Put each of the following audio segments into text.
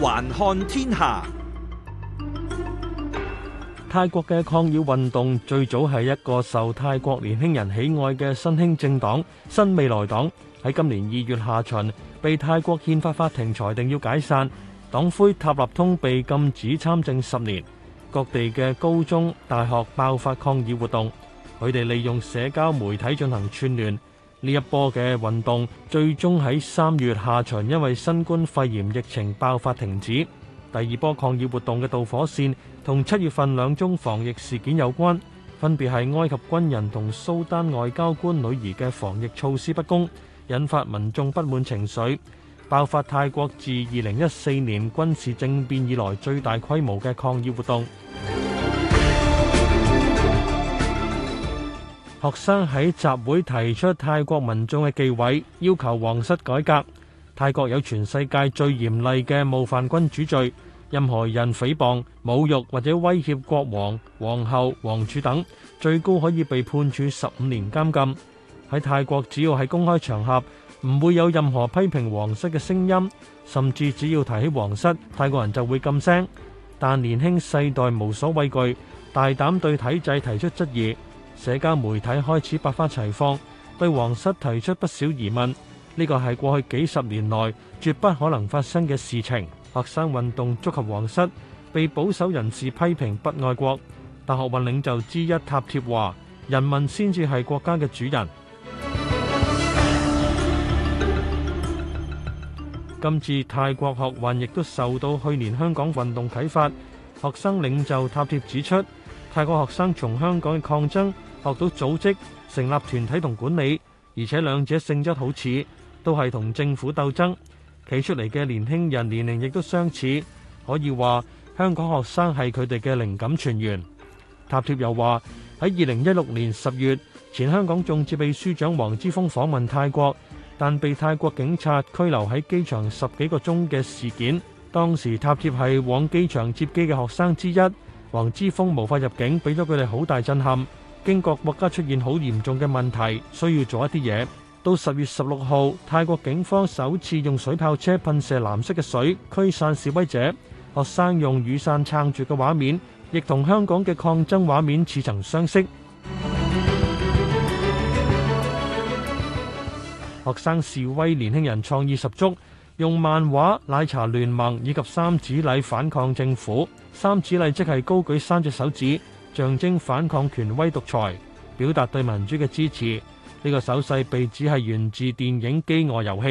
環看天下，泰國嘅抗議運動最早係一個受泰國年輕人喜愛嘅新興政黨——新未來黨。喺今年二月下旬，被泰國憲法法庭裁定要解散。黨魁塔納通被禁止參政十年。各地嘅高中、大學爆發抗議活動，佢哋利用社交媒體進行串聯。呢一波嘅運動最終喺三月下旬因為新冠肺炎疫情爆發停止。第二波抗議活動嘅導火線同七月份兩宗防疫事件有關，分別係埃及軍人同蘇丹外交官女兒嘅防疫措施不公，引發民眾不滿情緒，爆發泰國自二零一四年軍事政變以來最大規模嘅抗議活動。學生喺集會提出泰國民眾嘅地位，要求皇室改革。泰國有全世界最嚴厲嘅冒犯君主罪，任何人誹謗、侮辱或者威脅國王、皇后、皇儲等，最高可以被判處十五年監禁。喺泰國，只要喺公開場合，唔會有任何批評皇室嘅聲音，甚至只要提起皇室，泰國人就會禁聲。但年輕世代無所畏懼，大膽對體制提出質疑。社交媒體開始百花齊放，對皇室提出不少疑問。呢個係過去幾十年來絕不可能發生嘅事情。學生運動觸及皇室，被保守人士批評不愛國，但學運領袖之一塔貼話：人民先至係國家嘅主人。 今次泰國學運亦都受到去年香港運動啟發，學生領袖塔貼指出。泰國學生從香港嘅抗爭學到組織、成立團體同管理，而且兩者性質好似，都係同政府鬥爭。企出嚟嘅年輕人年齡亦都相似，可以話香港學生係佢哋嘅靈感泉源。塔貼又話喺二零一六年十月，前香港眾志秘書長黃之鋒訪問泰國，但被泰國警察拘留喺機場十幾個鐘嘅事件，當時塔貼係往機場接機嘅學生之一。黃之鋒無法入境，俾咗佢哋好大震撼。驚覺國家出現好嚴重嘅問題，需要做一啲嘢。到十月十六號，泰國警方首次用水炮車噴射藍色嘅水，驅散示威者。學生用雨傘撐住嘅畫面，亦同香港嘅抗爭畫面似曾相識。學生示威，年輕人創意十足。用漫畫、奶茶聯盟以及三指禮反抗政府。三指禮即係高舉三隻手指，象徵反抗權威獨裁，表達對民主嘅支持。呢、這個手勢被指係源自電影《饑餓遊戲》。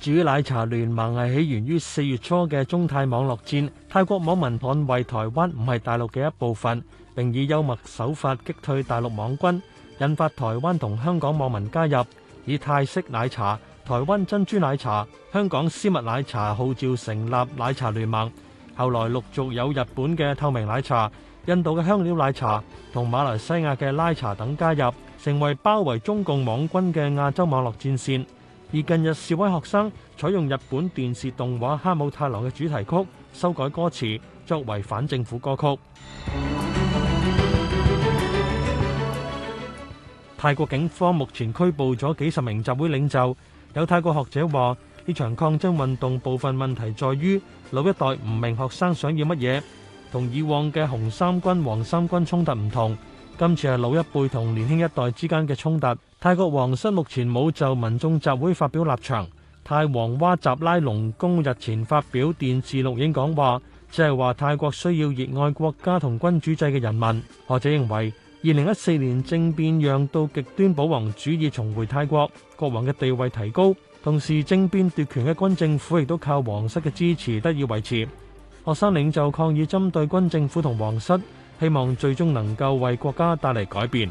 至於奶茶聯盟係起源於四月初嘅中泰網絡戰，泰國網民判為台灣唔係大陸嘅一部分，並以幽默手法擊退大陸網軍，引發台灣同香港網民加入，以泰式奶茶。台灣珍珠奶茶、香港絲襪奶茶號召成立奶茶聯盟，後來陸續有日本嘅透明奶茶、印度嘅香料奶茶同馬來西亞嘅拉茶等加入，成為包圍中共網軍嘅亞洲網絡戰線。而近日，示威學生採用日本電視動畫《哈姆太郎》嘅主題曲，修改歌詞，作為反政府歌曲。 泰國警方目前拘捕咗幾十名集會領袖。有泰國學者話：呢場抗爭運動部分問題在於老一代唔明學生想要乜嘢，同以往嘅紅衫軍、黃衫軍衝突唔同，今次係老一輩同年輕一代之間嘅衝突。泰國王室目前冇就民眾集會發表立場。泰王哇集拉隆功日前發表電視錄影講話，只係話泰國需要熱愛國家同君主制嘅人民。學者認為。二零一四年政變讓到極端保皇主義重回泰國，國王嘅地位提高，同時政變奪權嘅軍政府亦都靠皇室嘅支持得以維持。學生領袖抗議針對軍政府同皇室，希望最終能夠為國家帶嚟改變。